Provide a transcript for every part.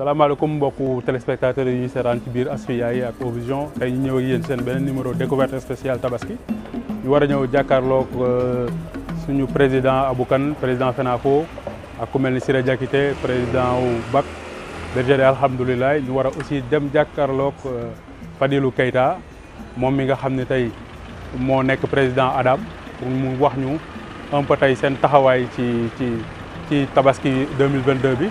salaamaaleykum beaucoup téléspectateurs de ñuy antibir ci biir Asfiya et ak Ovision tey ñu ñëw numéro découverte spéciale tabaski ñu war a ñëw jàkkaarloog euh, suñu président Abou président FENAFO ak ku mel ni président Bak, BAC bergerie alhamdulilah ñu y a aussi dem jàkkaarloog euh, Fadilou Keita moom mi nga xam ne président ADAM pour mu wax ñu un peu tey seen tabaski 2022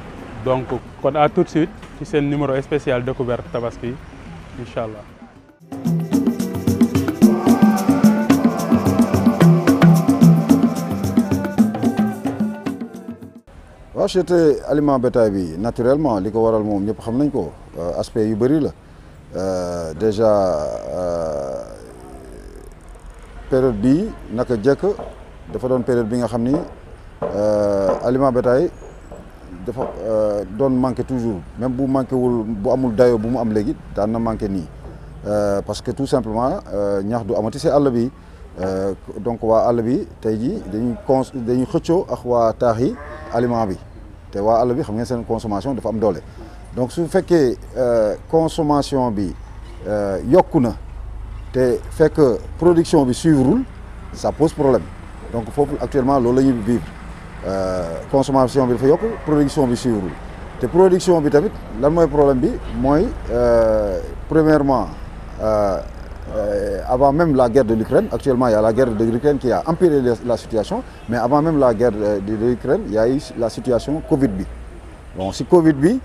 donc à tout de suite c'est un numéro spécial de tabaski Inch'Allah. Inch'Allah. naturellement waral Je euh, aspect euh, déjà euh, période bii période aliment bétail euh, doon manquer toujours même bu manqué wul bu amul vous bu mu am léegi daan na euh, parce que tout simplement euh, ñax do amati si àll bi euh, donc waa àll bi tey jii dañuy con dañuy xëccoo ak waa taax yi aliment bi te waa àll bi xam ngeen seen consommation dafa am doole donc su fekkee consommation bi yokku na te fekk production bi suivrul ça pose problème donc faut actuellement loolu vivre euh, consommation bi production bi production bi tamit lan le problème bi que euh, premièrement euh, avant même la guerre de l'Ukraine actuellement il y a la guerre de l'Ukraine qui a empiré la situation mais avant même la guerre de l'Ukraine il y a eu la situation Covid B. bon si Covid B,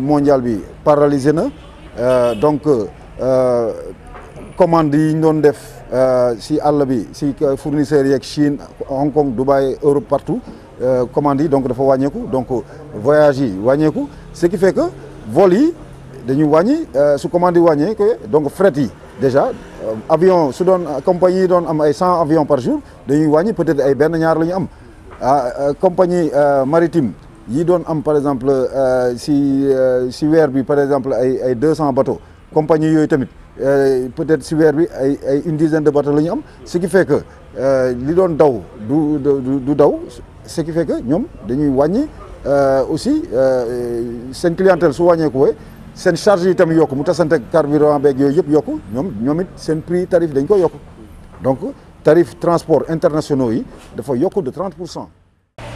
mondiale est paralysé donc comment yi nous euh, si àll bi si euh, fournisseur yeeg Chine Hong Kong Dubaï Europe partout euh, commandes yi donc dafa wàññeeku donc voyager yi ce qui fait que voler, yi dañu euh, su commande wagné que donc fret déjà avion su compagnie donne am ay avions par jour dañu wagné peut-être ay ben ñaar lañu ñu ah, compagnie maritime yi don am par exemple si si weer par exemple ay ay 200 bateaux compagnie yoy tamit euh, peut-être si weer bi ay ay une dizaine de bateaux l'ont ñu am ce qui fait que euh, li doon daw du du daw ce qui fait que de dañuy wàññi euh, aussi une clientèle su c'est une charge de itam yokku mu tasante carburant avec yooyu yoko, yokku ñoom ñoom c'est seen prix tarif dañ ko yokku donc tarif transport internationaux yi dafa yokku de 30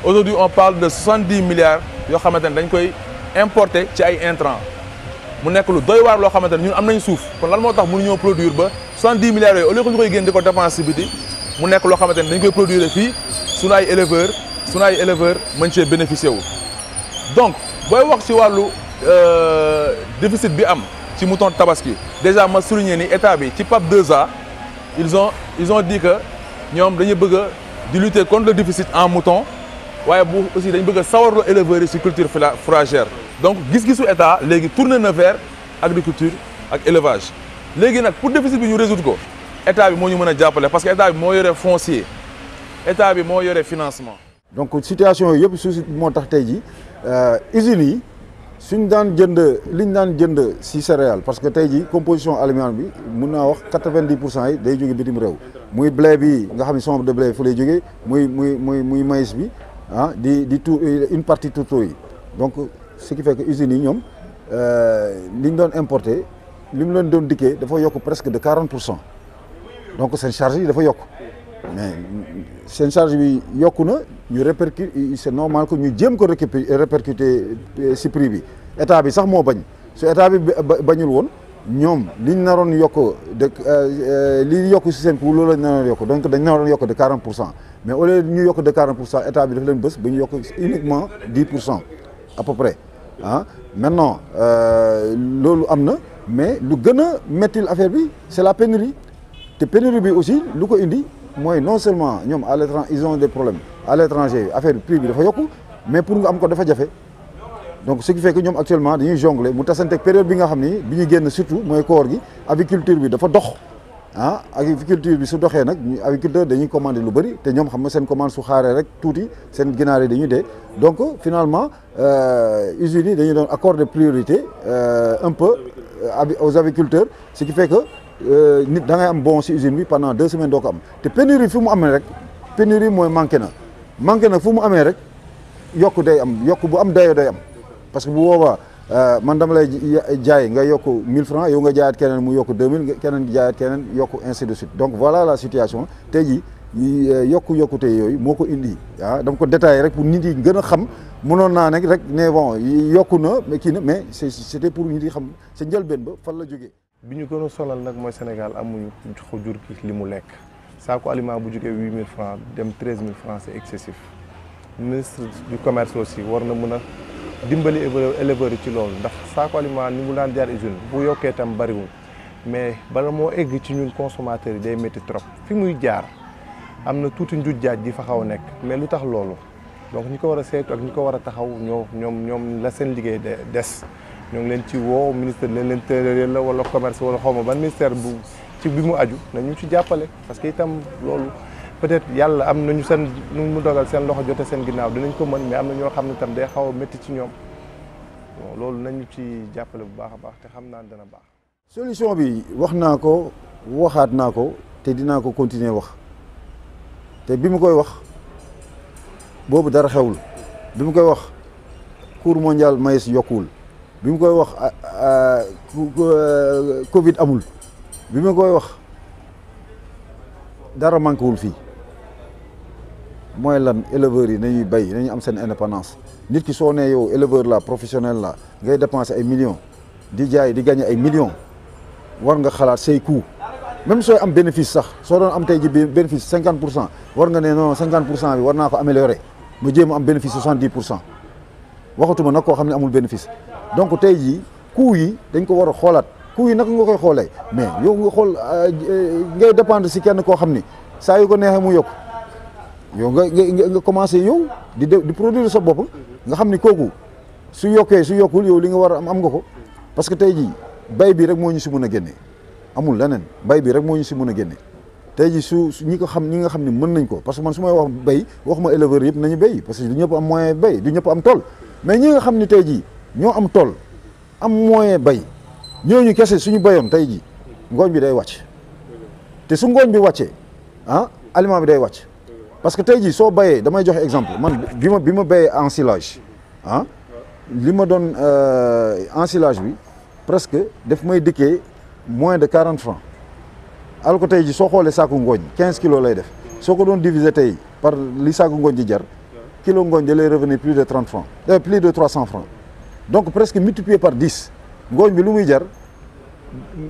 aujourd'hui on parle de 70 milliards yoo xamante ne dañ koy importer ci ay intrants mu nekk lu doy waar loo xamante ne ñun am nañ suuf kon lan moo tax mënuñoo produire ba 70 milliards yooyu au lieu que ñu koy génn di ko dépense si biti mu nekk loo xamante ne dañ koy produire fii sunu ay éleveur sunu ay éleveur mën cee bénéficier wu donc booy wax ci wàllu euh, déficit bi am ci mouton tabaski déjà ma souligner ni état bi ci PAP 2A ils ont ils ont dit que ñoom dañu bëgg a lutter contre le déficit en mouton waaye bu aussi dañ bëgg a sawarloo éleveurs yi ci culture fourragère donc gis-gisu état légui tourner na vers agriculture ak élevage Légui nak pour déficit bi ñu résoudre ko état bi mo ñu mëna jappalé parce que état bi mo yoré foncier état bi mo yoré financement. donc situation yépp su motax tax tey jii euh, usines yi suñ daan jënd liñ dan jënd ci céréales parce que tey jii composition alimentaire bi mëna wax 90% yi day joggé bitim rew. muy blé bi nga xamni ne de blé fu lay joggé muy muy muy muy maïs bi ah di di tout une partie tout yi donc ce qui fait que l'usine, euh, ce qu'on a importé, ce qu'on a indiqué, c'est presque de 40%. Donc c'est une charge qui est Mais c'est une charge qui est indiquée, c'est normal que nous devons répercuter ce prix. L'État a fait ça. Si l'État a fait ça, ñom liñ naron yok de li yok système pour lolu lañ naron yok donc dañ naron yok de 40% mais au lieu ñu yok de 40% état bi daf leen bëss bu ñu yok uniquement 10% à peu près ah maintenant euh, loolu am amna mais lu gëna metti mettil affaire bi c'est la pénurie té pénurie bi aussi lu ko indi moy non seulement ñom à l'étranger ils ont des problèmes à l'étranger affaire bi prix bi dafa yokku mais pour nga am ko dafa jafé donc ce qui fait que ñom actuellement dañuy jongler mu tasante période bi nga xamni biñu bi génn surtout moy koor gi agriculture bi dafa dox ah agriculture bi su doxee nak ñu agriculteur dañuy commander lu bari té ñom xam nga seen commande su xaaree rek touti seen ginaar yi dañuy dé donc finalement euh usine dañuy don accord de priorité euh, un peu euh, aux agriculteurs ce qui fait que euh, nit da ngay am bon ci usine bi pendant deux semaines doo ko am té pénurie fu mu amee rek pénurie moy manqué na manqué na fu mu amee rek yokk day am yokk bu am dayoo day am parce que bu boobaa. Euh, man dama lay jaay nga yok 1000 francs yow nga jaayaat kenen mu yok 2000 keneen jaayaat kenen yok ainsi de suite donc voilà la situation tey jii euh, yokku yokkute moko indi ah dama ko détaillé rek pour nit yi gën xam mënoon naa rek né bon yokuna mais ki mais c'était pour nit yi xam sa njëlbeen ba fan la jógee. biñu gëna gën nak moy Sénégal amuñu xojur ki limu mu lekk saako aliment bu jógee 8000 francs dem 13000 francs c'est excessif ministre du commerce aussi warna mëna dimbali éleveurs yi ci loolu ndax saako aliment ni mu daan jaar usine bu yokkee tam bariwul mais bala moo egg ci ñun consommateurs yi day métti trop fi muy jaar am na tuuti njuj jaaj ji fa xaw nekk mais lu tax loolu donc ñi ko war a saytu ak ñi ko war a taxaw ñoo ñoom ñoom la seen liggéey des ñoo ngi leen ci woo ministère leen leen tëral la wala commerce wala xaw ma ban ministère bu ci bi mu aju na ñu ci jàppale parce que itam loolu peut-être yàlla am nañu seen nu mu dogal seen loxo jote seen ginnaaw dinañ ko mën mais am na ñoo xam ne tam day xaw a métti ci ñoom loolu nañu ci jàppale bu baax a baax te xam naa dana baax. solution bi wax naa ko waxaat naa ko te dinaa ko continuer wax te bi mu koy wax boobu dara xewul bi mu koy wax cours mondial maïs yokkuwul bi mu koy wax Covid amul bi mu koy wax dara manqué wul fii mooy lan éleveurs yi nañuy bay nañu am seen indépendance nit ki soo nee yow éleveur la professionnel la ngay dépenser ay million di jaay di gagner ay millions war nga xalaat say coût même sooy am bénéfice sax soo doon am tey ji bénéfice cinquante pour cent war nga ne non cinquante pour cent bi war naa ko améliorer ma jéem am bénéfice soixante dix pour cent waxatuma nag koo xam ne amul bénéfice donc tey jii coût yi dañ ko war a xoolaat coût yi naka nga koy xoolee mais yow nga xool euh, euh, ngay dépendre si kenn koo xam ni saa yu ko neexee mu yokk. Yo, nga nga nga commencé yow di di produire sa bop nga xamni koku su yoké su yokul yow li nga war am am nga ko parce que tay ji bay bi rek moñu ci mëna génné amul lenen bay bi rek moñu ci mëna génné tay su ñi ko xam ñi nga xamni mën nañ ko parce que man suma wax bay waxuma éleveur yépp nañu bay parce que du ñëpp am moyen bay du ñëpp am tol mais ñi nga xamni tay ji ño am tol am moyen bay ñoo ñu kessé suñu bayon tay ngoñ bi day wacc té su ngoñ bi waccé e. han aliment bi day wacc Parce que si vous avez je un exemple. Si quand je suis baillé en silage, hein, ah, je donne euh, silage, presque, je moins de 40 francs. Alors que si vous avez 15 kilos, si vous avez divisé par les sacs de le kilo de est revenu plus de 30 francs, euh, plus de 300 francs. Donc presque multiplié par 10,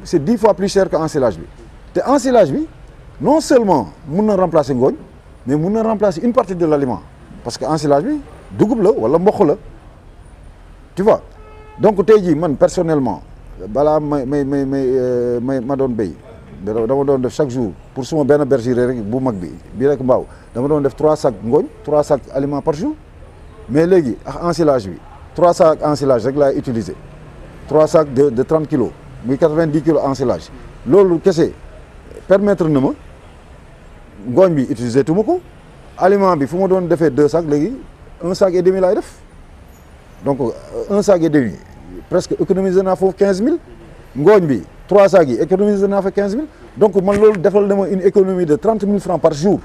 c'est 10 fois plus cher qu'un silage. Et un silage, non seulement, vous remplacer remplacez mais vous pouvez remplacer une partie de l'aliment. Parce que l'ensilage, c'est double ou le Tu vois Donc, moi, personnellement, je me donne je donne chaque jour pour que je me donne je me donne 3 sacs 3 sacs d'aliments par jour. Mais les ensilage, 3 sacs ensilage, je l'ai utilisé. 3 sacs de, de 30 kg, 90 kg ensilage. L'eau, qu'est-ce que c'est Permettre-nous gogne bi utiliser tumuko aliment bi que don faire deux sacs un sac et demi il def donc euh, un sac et demi presque économiser na fof 15000 trois sacs yi économiser na 15000 donc man lolou une économie de 30 000 francs par jour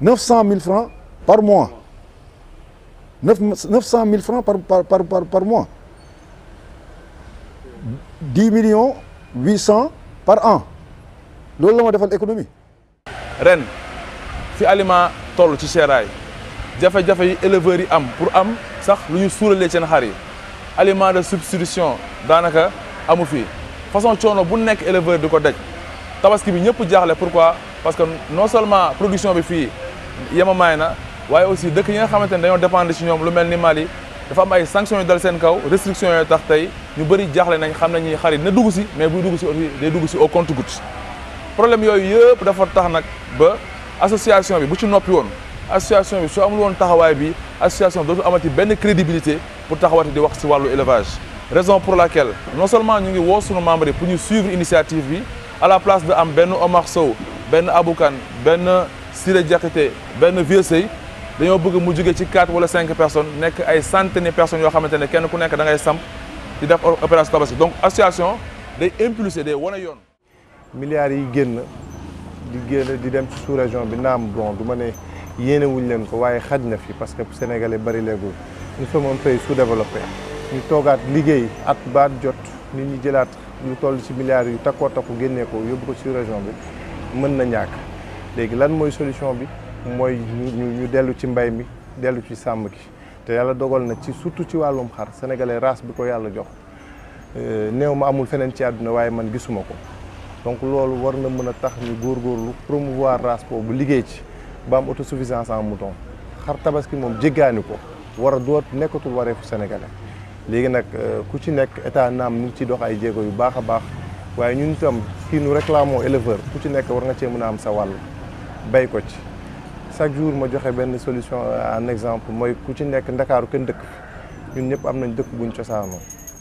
900 000 francs par mois 900 000 francs par mois 10 millions 000 par an. C'est ce que fait l'économie ren fi aliment toll ci seeraay Jafé jafé yi éleveurs yi am pour am sax lu ñu suuralee seen xar aliment de substitution danaka amu fi façon choono bu nek éleveur diko ko daj tabaski bi ñepp jaxlé pourquoi parce que non seulement production bi fi yemamaay mayna waaye aussi dëkk yi nga xamante ne dañoo dépendre ci ñom lu melni Mali dafa am ay sanctions yu dal sen kaw restrictions yooyu tax tay ñu bari jaxlé nañ xam nañ xar yi na dugg ci mais bu dugg ci aussi day dugg si au compte goutte problème yooyu yëpp dafa tax nak ba association bi bu ci nopi won association bi soo amul won taxaway bi association dootu amati ben crédibilité pour taxawati di wax ci walu élevage raison pour laquelle non seulement ñu ngi wo sunu membre pour ñu suivre initiative bi à la place de am ben Omar Sow benn Aboukan Ben Siré Diakité Ben Vieux Sey dañoo bëgg mu jóge ci quatre wala cinq personnes nek ay centaines de personnes yo xamantene kenn ku nek da ngay samp di def opération tabaski donc association day impulser day wane yoon milliards yi génn di génn di dem ci sous région bi naam bon du ma ne yéenewuñ leen ko waaye xaj na fi parce que sénégalais bari léegul nous sommes un pays sous-développé ñu toogaat liggéey at baat jot nit ñi jëlaat lu toll ci milliards yu takkoo takku génnee ko yóbbu ko sous région bi mën na ñàkk léegi lan mooy solution bi mooy ñu ñu dellu ci mbay mi dellu ci sàmm gi te yàlla dogal na ci surtout ci wàllum xar sénégalais race bi ko yàlla jox euh, néew ma amul feneen ci àdduna waaye man gisuma ko donc loolu war na mën a tax ñu góor góorgóorlu promouvoir race bu liggéey ci ba am autosuffisance en mouton xar tabaski moom jéggaani ko war a doot nekkatul wareefu sénégalais léegi nag euh, ku ci nekk état naam ñu ngi ciy dox ay jéego yu baax a baax waaye ñun itam kii nu réclamons éleveur ku ci nekk war nga cee mën a am sa wàll bay ko ci chaque jour ma joxe benn solution euh, en exemple mooy ku ci nekk ndakaaru kenn dëkk ñun ñëpp am nañ dëkk buñ cosaanoo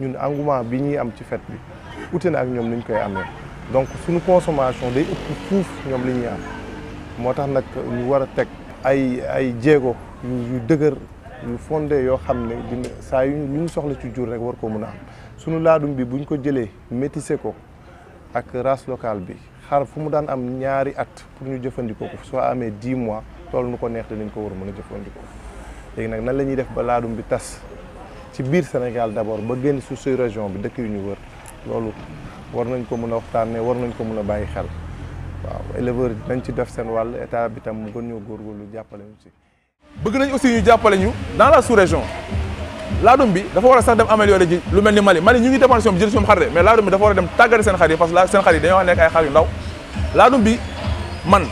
ñun engouement bi ñuy am ci fête bi ute na ak ñoom ni ñu koy amee donc suñu consommation day ëpp fuuf ñoom li ñuy am moo tax nag ñu war a teg ay ay jéego yu dëgër yu fondé yoo xam ne dina saa yu ñu soxla ci jur rek war ko mun a am suñu laadum bi buñ ko jëlee métissé ko ak race locale bi xar fu mu daan am ñaari at pour ñu jëfandikoo ko soo amee dix mois tool nu ko neex dinañ ko war a mën a jëfandikoo léegi nag nan la ñuy def ba laadum bi tas ci biir Sénégal d'abord ba génn su suy région bi dëkk yu ñu wër loolu war nañ ko mun a waxtaanee war nañ ko mën a bàyyi xel waaw éleveur dañ ci def seen wàll état bi tam mu gën ñoo góorgóorlu jàppale ñu ci. bëgg nañ aussi ñu jàppale ñu dans la sous-région laadum bi dafa war a sax dem améliorer ji lu mel ni Mali Mali ñu ngi dépendre ñoom jël si ñoom xar de mais laadum bi dafa war a dem tàggati seen xar yi parce que seen xar yi dañoo nekk bi man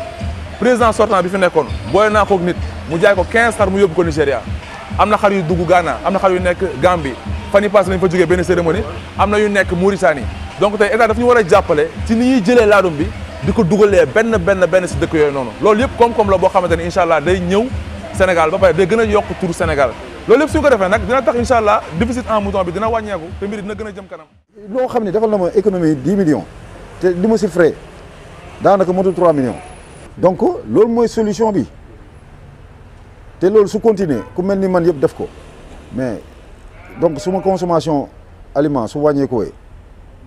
président sortant bi fi nekkoon booy naa koog nit mu jaay ko 15 xar mu yóbbu ko am na xar yu dugg Ghana am na xar yu nekk Gambie fan yii passé lañ fa jógee benn cérémonie am na yu nekk Mauritanie donc tey état daf ñu war a jàppale ci ni ñuy jëlee laadum bi di ko dugalee benn benn benn si dëkk yooyu noonu loolu yëpp koom-koom la boo xamante ne incha allah day ñëw Sénégal ba pare yokk tur Sénégal loolu yëpp su ñu ko defee nag dina allah déficit en mouton bi dina wàññeeku te mbir dina gën a jëm kanam. loo xam ne defal na ma économie 10 millions te li ma si frais daanaka motul 3 millions donc loolu mooy solution bi te loolu su continuer ku je l'ai man mais donc suma consommation aliment su wàññeekuwee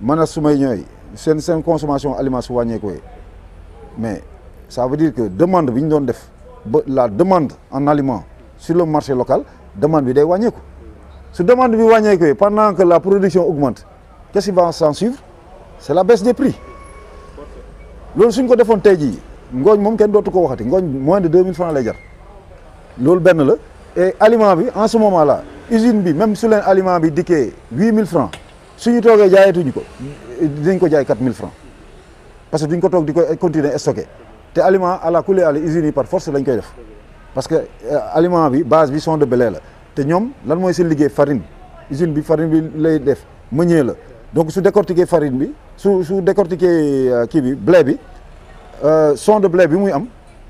man a su may consommation aliment su wàññeekuwee mais ça veut dire que demande bi ñu la demande en aliments sur le marché local demande bi day wàññeeku su demande bi wàññeekuwee pendant que la production augmente qu'est-ce qui va s'en suivre c'est la baisse des prix loolu suñ ko defoon tey jii ngooñ moom ko waxati moins de 2000 francs lay jar loolu ben la et aliment bi en ce moment là usine bi même sur leen aliment bi diké huit mille francs suñu togué jaayetuñu ko dañ ko jaay quatre mille francs parce que duñ ko tok diko continuer stocké te aliment à la coulée à la usine yi par force lañ koy def parce que euh, aliment bi base bi son de blé la te ñom lan moy seen liggé farine usine bi farine bi lay def meunier la donc su décortiquer farine bi su su décortiquer euh, kii bi blé bi euh, son de blé bi muy am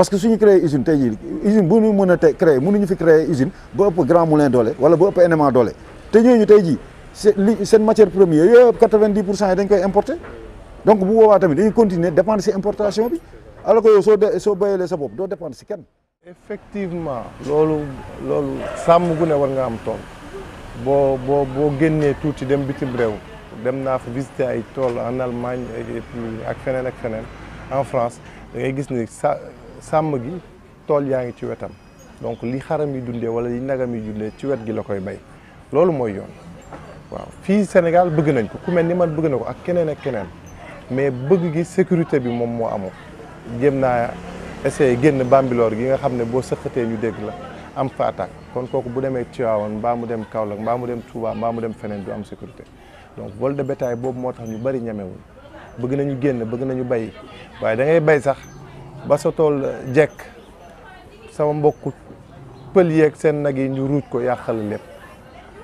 parce que suñu créer usine tey jii usine bu ñu mën a tey créer mënuñu fi créer usine ba ëpp Grand Moulin doole wala ba ëpp NMA doole te ñooñu tey jii li seen matière première yooyu quatre-vingt-dix pour dañ koy importer donc bu boobaa tamit dañu continuer dépendre si importation bi alors que yow soo de soo béyalee sa bopp doo dépendre si kenn. effectivement loolu loolu sàmm gu ne war nga am tool boo boo boo génnee tuuti dem bitim réew dem naa fa visiter ay tool en Allemagne et ak feneen ak feneen en France da sa. sàmm gi tool yaa ngi ci wetam donc li xaram yi dundee wala li nagam yi dundee ci wet gi la koy bay loolu mooy yoon waaw fii Sénégal bëgg nañ ko ku mel ni man bëgg na ko ak keneen ak keneen mais bëgg gi sécurité bi moom moo amul jéem naa essayé génn bambiloor gi nga xam ne boo sëqatee ñu dégg la am kon kooku bu demee Tivaouane mbaa mu dem Kaolack mbaa mu dem Touba mbaa mu dem feneen du am sécurité donc vol de bétail boobu moo tax ñu bari ñemewul bëgg nañu génn bëgg nañu bay waaye da bay sax ba sa tool jekk sama mbokku pël yeeg seen nag yi ñu ko yàqal lépp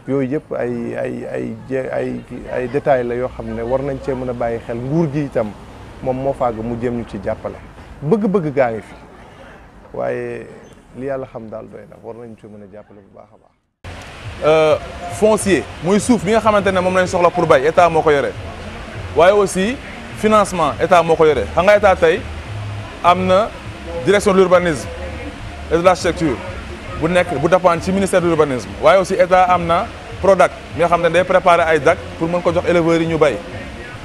yooyu yëpp ay ay ay ay ay détails la yoo xam ne war nañ cee mën a bàyyi xel nguur ji itam moom moo fàgg mu jëm ñu ci jàppale bëgg-bëgg gaa ngi fi waaye li yàlla xam daal doy na war nañ ci mën a jàppale bu baax a baax. Euh, foncier muy suuf bi nga xamante ne moom lañ soxla pour bay état moo ko yore waaye aussi financement état moo ko yore xam nga état tey. amna direction de l'urbanisme et de l'architecture bu nek bu dépendre ci ministère de l'urbanisme waye aussi état amna product. mi nga xamné ne day préparer ay DAC pour mën ko jox éleveurs yi ñu bay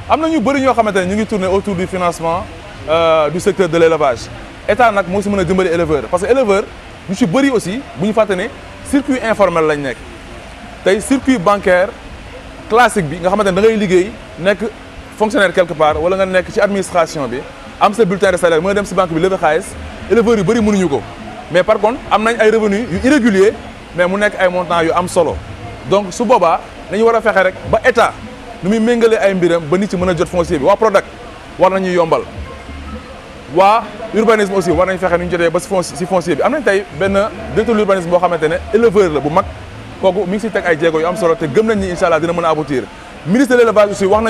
amna ñu bëri ñoo xamante ñu ngi tourner autour du financement euh, du secteur de l'élevage état nak moo si mëna dimbali éleveur parce que éleveur ñu ci bëri aussi bu ñu fàtte circuit informel lañ nek tay circuit bancaire classique bi nga xamante da ngay liggéey nek fonctionnaire quelque part wala nga nek ci administration bi am sa bulletin de salaire dem si banque bi lever éleveurs yu bari mënuñu ko mais par contre am nañ ay revenus yu irrégulier mais mu nek ay montants yu am solo donc su boba dañu wara fexé rek ba état nu mi mengalé ay mbiram ba ci jot foncier bi wa product war nañu yombal wa urbanisme aussi war nañ fexé ñu ba si foncier bi am nañ tay ben la bu mag mi ngi am solo ni aboutir ministre de l'élevage aussi wax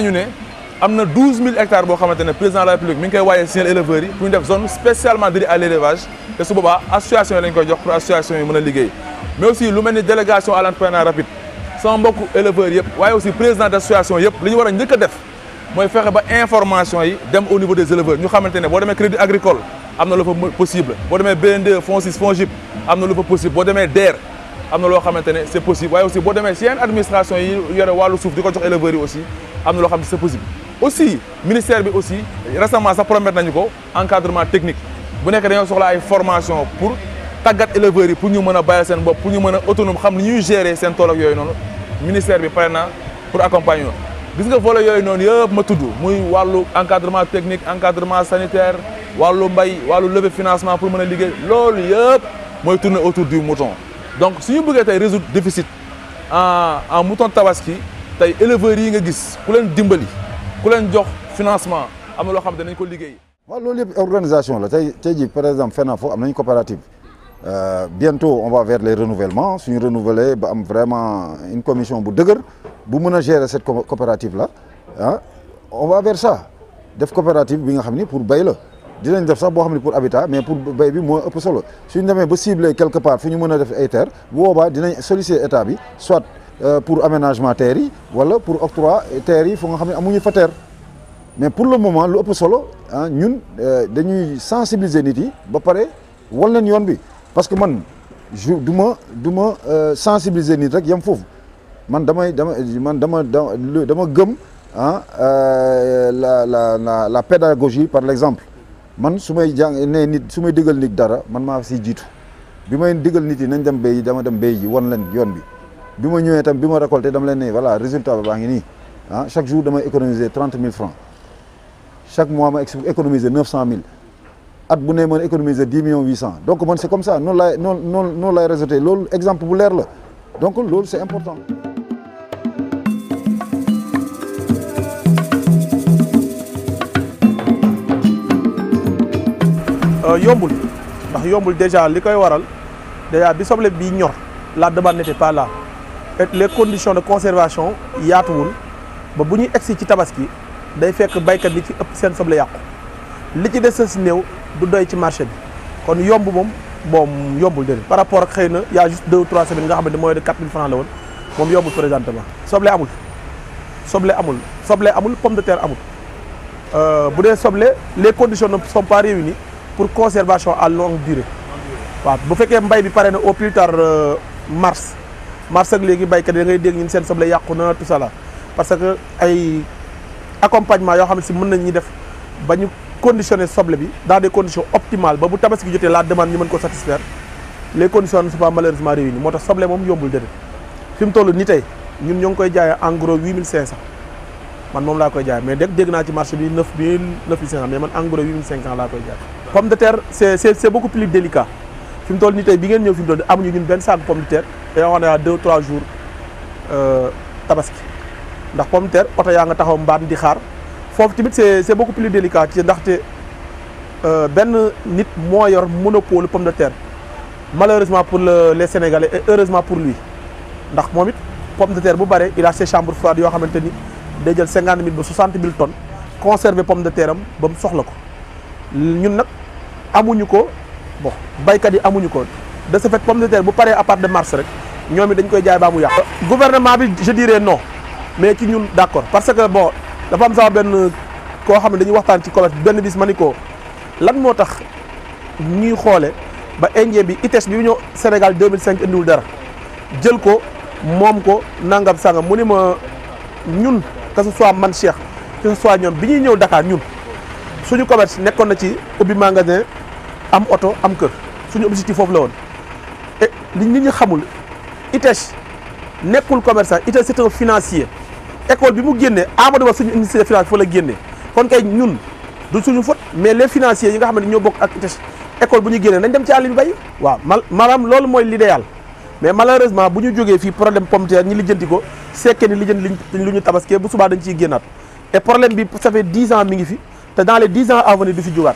am 12 12000 hectares boo xamante ne président de la république mi ngi koy éleveurs pour une def zone spécialement dédiée à l'élevage. Et ce pour boobaa association yi lañ koy jox pour association yi mën mais aussi lu a une délégation à l'entreprise rapide. Sans beaucoup d'éleveurs, il y a aussi président de l'association. Ce qu'on doit faire, a faire des def ba information yi dem au niveau des éleveurs ñu si on a un crédit agricole am na lu fa possible boo demee BnD, FONSIS FONGIP am na lu fa possible boo demee DER am na loo c'est ne c' possible waaye aussi boo demee a yenn administration yi yore wàllu suuf di ko jox éleveurs yi aussi am na loo c'est possible aussi ministère bi aussi récemment sax promettre nañu ko encadrement technique bu nek dañu soxla ay formation pour tagat éleveur yi pour ñu mëna bayal sen bop pour ñu mëna autonome xam ni ñuy gérer sen tool yoy yooyu ministère bi pare na pour accompagner gis nga volé yoy noonu yépp ma tudd muy walu encadrement technique encadrement sanitaire walu mbay walu lever financement pour mëna liguer. liggéey yépp moy tourner autour du mouton donc si ñu bëggee tay résoudre déficit en en mouton tabaski tay éleveur yi nga gis ku leen dimbali ku jox financement am na loo xam ko organisation par exemple fenn am nañ coopérative euh, bientôt on va vers les renouvellements suñu renouveler ba am vraiment une commission bu dëgër bu gérer cette coopérative là Hein? on va vers ça def coopérative bi nga pour bay la. dinañ def sax boo xam pour habitat mais pour bay bi moo ëpp solo suñu demee ba cibler quelque part fu ñu mën a def ay terre boobaa dinañ solliciter état bi soit. Euh, pour aménagement terre voilà wala pour octroi terre yi fu nga xamni amuñu fa mais pour le moment lu ëpp solo ah, ñun euh, dañuy sensibiliser nit yi ba paré wan leen yoon bi parce que man je du ma du ma euh, sensibiliser nit rek yam fofu man damay dama man dama dama gëm ah la la la la pédagogie par l'exemple man sumay may jàng nit sumay diggal nit dara man ma si jitu bi may diggal nit yi nañ dem béy dama dem bay yi wan leen yoon bi récolté voilà résultat ah, chaque jour dama économiser 30 francs chaque mois ma économiser 900 000 at bu économiser millions donc c'est comme ça non, la non, non, non, exemple bu donc c'est important euh, yombul ndax yombul déjà waral déjà bi soble bi ñor la demande n'était pas là les conditions de conservation yaatuwul ba bu ñuy egsi ci tabaski day fekk baykat li ci ëpp seen soble yàqu li ci des si néew du doy ci marché bi kon yomb moom moom yombul de par rapport ak xeyna il y a juste deux ou trois semaines nga xamné moy de 4000 francs la won moom yombul présentement soble amul soble amul soble amul pomme de terre amul euh, bu dé soble les conditions ne sont pas réunies pour conservation à longue durée wa bu féké mbay bi paré na au plus tard euh, mars mars léegi béykat yi da ngay dégg ñun seen soble yàqu na tout ça là parce que ay accompagnement yoo xam ne si mën nañ ñi def ba ñu conditionner soble bi dans des conditions optimales ba bu tabaski bi jotee la demande ñu mën ko satisfaire les conditions ne sont pas malheureusement réunies moo tax soble moom yombul déedéet fi mu toll ni tey ñun ñoo ngi koy jaayee en gros 8500 man moom laa koy jaay mais dégg dégg naa ci marché bi 9000 9500 mais man en gros 8500 laa koy jaay. fi tol toll nii bi ngeen ñëw fi mu amuñu ñun ben sac pomme de terre Et on ne à deux trois jours euh, tabaski ndax pomme de terre auto ya nga taxaw mbaam di xaar fofu timit c'est c'est beaucoup plus délicat ci ndaxte ben nit mo yor monopole pomme de terre malheureusement pour les Sénégalais et heureusement pour lui ndax momit pomme de terre bu bare il a ses chambres froides yo xamanteni ni day jël cinquante ba 60000 tonnes conserver pomme de terre am bam soxla ko ñun nak amuñu ko. bon baykat yi amuñu ko de ce fait pomme de terre bu paré à part de mars rek ñoomi dañ koy jaay ba mu yaq gouvernement bi je dirais non mais ki ñun d'accord parce que bon dafa am sama ben ko xamne dañuy waxtaan ci collège ben bis maniko lan motax ñuy xolé ba indien bi itesse bi ñu sénégal 2005 andiul dara jël ko mom ko nangam sangam mu ni ma ñun que ce soit man cheikh que ce soit ñom biñuy ñew dakar ñun suñu commerce nekkon na ci ubi magasin am auto am kër suñu objectif fofu la won et li nit ñi xamul ITES nekkul commerçant ITES c'est un financier école bi mu génnee Amadou Ba suñu ministère finance fa la génnee kon kay ñun du suñu faute mais les financiers yi nga xam ñoo bokk ak ITES école bu ñu génnee nañ dem ci àll bi bay wa malam maanaam moy l'idéal mais malheureusement bu ñu jógee fii problème pomme ñi lijjanti ko sekkee ni lijjanti liñ luñu tabaské bu suba dañ ci génnaat et problème bi ça fait 10 ans mi ngi fi te dans les 10 ans à venir du fi jógaat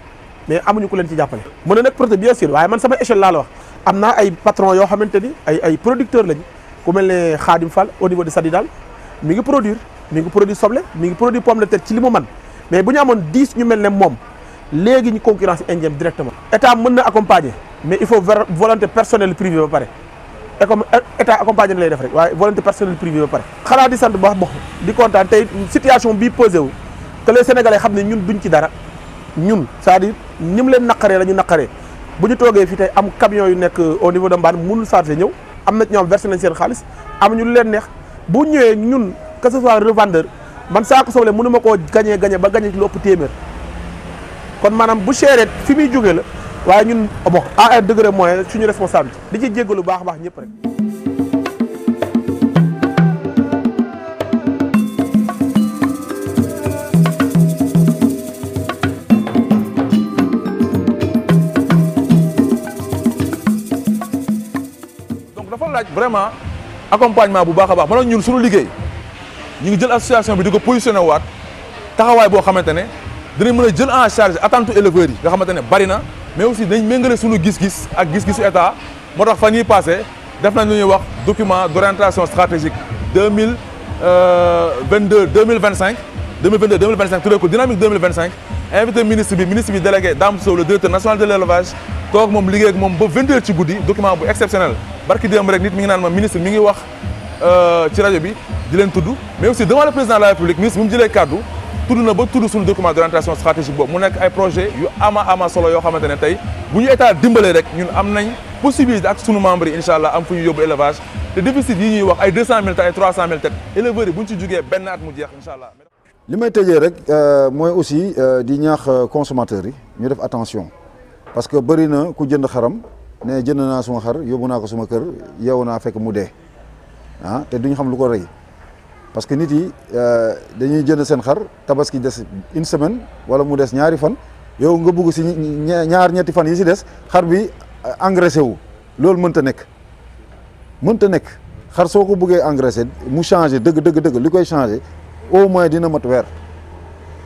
mais amuñu ko leen ci jàppale bien sûr waye man sama échelle la wax amna ay patron yo ay ay producteur lañ Khadim au niveau de Sadidal mi ngi produire mi ngi produire soble mi ngi produire pomme de terre ci mais si on a ñu mel mom légui concurrence indienne directement état mën accompagner mais il faut volonté personnelle privée ba et comme euh, état accompagné lay def volonté personnelle privée ba paré xala di sante di situation bi posé wu les sénégalais xamné ñun duñ ñun c'est-à-dire ñim leen naqaree la ñu naqaree bu ñu toogee fii tey am camion yu nekk euh, au niveau de Mbane mënul chargé ñëw am na ñoo xam versé nañ seen xaalis am ñu leen neex bu ñëwee ñun que ce soit revendeur man saako soble mënu ma koo gañee gañe ba gañe ci lu ëpp téeméer kon maanaam bu seeree fi muy jógee la waaye ñun bon à un degré moyen suñu responsabilité di ci jéggalu baax a baax ñëpp rek dafa vraiment accompagnement bu baakha a baax ma ñun suñu liggéey ñu ngi jël association bi diko positionner positionné waat taxawaay boo xamante ne dinañ jël en charge attente éleveur yi nga xamantene bari na mais aussi dañ méngale suñu gis-gis ak gis-gisu état motax fa ñi passé def nañ lu ñuy wax document d'orientation stratégique deux mille vingt 2025 deux mille vingt cinq deux dynamique 2025 invité ministre bi ministre bi délégué Dame Sow le directeur national de l'élevage tok mom moom liggéey ak mom ba vingt ci goudi document bu exceptionnel. barki démb rek nit mi ngi nan ma ministre mi ngi wax euh ci radio bi di len tudd mais aussi devant le président de la république ministre bi mu jëlee kàddu tudd na ba tudd sunu document d'orientation stratégique bo mu nek ay projet yu ama ama solo yo xamantene tay buñu état dimbalee rek ñun am nañ possibilité ak sunu membres inshallah am fuñu yobbu élevage te déficit yi ñuy wax ay 200000 têtes ay 300000 tête éleveur yi buñ ci juggé ben at mu jeex inshallah limay tejé rek euh moy mooy aussi euh, di ñaax euh, consommateurs yi ñu def attention parce que bari na ku jënd xaram. ne jënd naa suma xar yóbbu naa ko suma kër yow naa fekk mu dee ah te duñ xam lu ko rey parce que nit yi euh, dañuy jënd seen xar tabaski des une semaine wala mu des ñaari fan yow nga bugg si ñaar ñetti fan yi si des xar bi euh, engraissé wu loolu mënta nekk mënta nekk xar soo ko buggee engraissé mu changé dëgg dëgg dëgg li koy changé au moins dina mat weer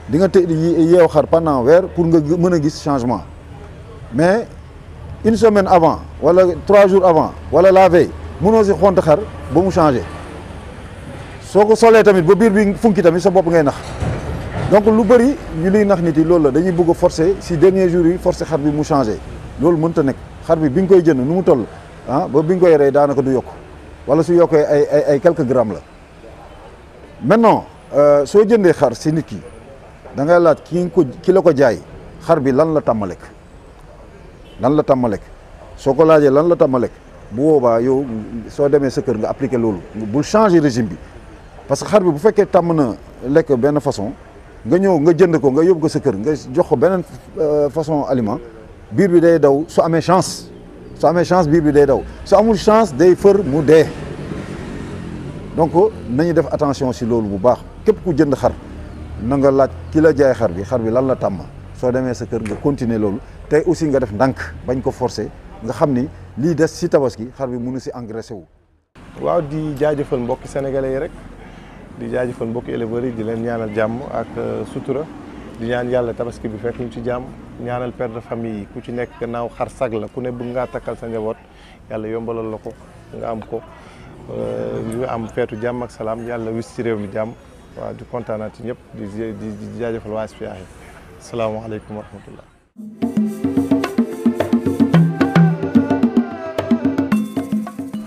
di nga te yeew xar pendant weer pour nga mën a gis changement mais une semaine avant wala trois jours avant wala la veille mënoo si xont xar ba mu changé soo ko solee tamit ba biir bi funki tamit sa bopp ngay nax donc lu bëri ñu liy nax nit yi loolu la forcer si dernier jour yi forcer xar bi mu changé loolu mënta nekk xar bi bi nga koy jënd nu mu toll ah ba bi nga koy yéré daanaka du yok wala su yokkee ay ay ay quelques grammes la maintenant euh, soo jëndee xar si nit ki da nga laat ki ko ki la ko jaay xar bi lan la tàmmalek lan la tàmm lekk soo ko laajee lan la tàmm lekk bu boobaa yow soo demee sa kër nga appliqué loolu bul changer régime bi parce que xar bi bu fekkee tàmm na lekk benn façon nga ñëw nga jënd ko nga yóbbu ko sa kër nga jox ko beneen euh, façon aliment biir bi day daw soo amee chance su amee chance biir bi day daw su amul chance day fër mu dee donc nañu def attention si loolu bu baax képp ku jënd xar nanga laaj ki la jaay xar bi xar bi lan la tàmm soo demee sa kër nga continuer loolu tey aussi nga def ndànk bañ ko forcé nga xam ni lii des si tabaski xar bi mënu si engrais sew waaw di jaajëfal mbokki sénégalais yi rek di jaajëfal mbokki éleveurs yi di leen ñaanal jàmm ak euh, sutura di ñaan yàlla tabaski bi fekk ñu ci jàmm ñaanal per de famille yi ku ci nekk gannaaw xar sag la ku ne bëgg ngaa takkal sa njaboot yàlla yombalal la ko nga am ko euh, ñu am feetu jàmm ak salaam yàlla wis ci réew mi jàmm waaw di kontaanaat ci ñëpp di di jaajëfal waa Asfiyahi salaamaaleykum wa